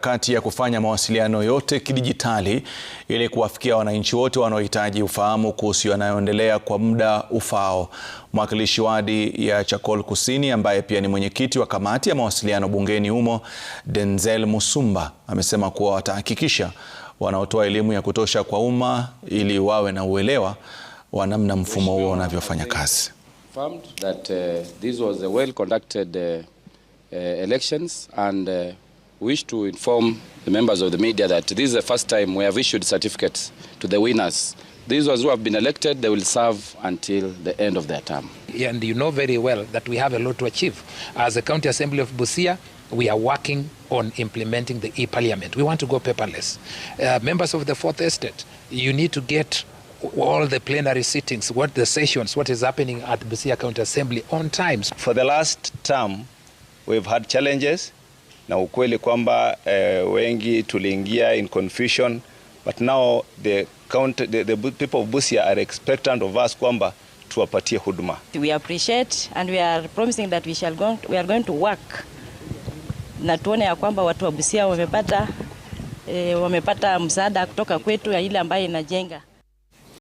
Kati ya kufanya mawasiliano yote kidijitali ili kuwafikia wananchi wote wanaohitaji ufahamu kuhusu yanayoendelea kwa muda ufao Mwakilishi wadi ya Chakol Kusini ambaye pia ni mwenyekiti wa kamati ya mawasiliano bungeni humo, Denzel Musumba amesema kuwa watahakikisha wanaotoa elimu ya kutosha kwa umma ili wawe na uelewa wa namna mfumo huo unavyofanya kazi. That, uh, this was a well conducted, uh, uh, elections and, uh, wish to inform the members of the media that this is the first time we have issued certificates to the winners. These ones who have been elected, they will serve until the end of their term. And you know very well that we have a lot to achieve. As a County Assembly of Busia, we are working on implementing the e-parliament. We want to go paperless. Uh, members of the Fourth Estate, you need to get all the plenary sittings, what the sessions, what is happening at Busia County Assembly on times. For the last term, we've had challenges na ukweli kwamba eh, wengi tuliingia in confusion but now the, count, the, the people of Busia are expectant of us kwamba tuwapatie huduma. We appreciate and we are promising that we shall go, we are going to work na tuone ya kwamba watu wa Busia wamepata eh, wamepata msaada kutoka kwetu ya ile ambayo inajenga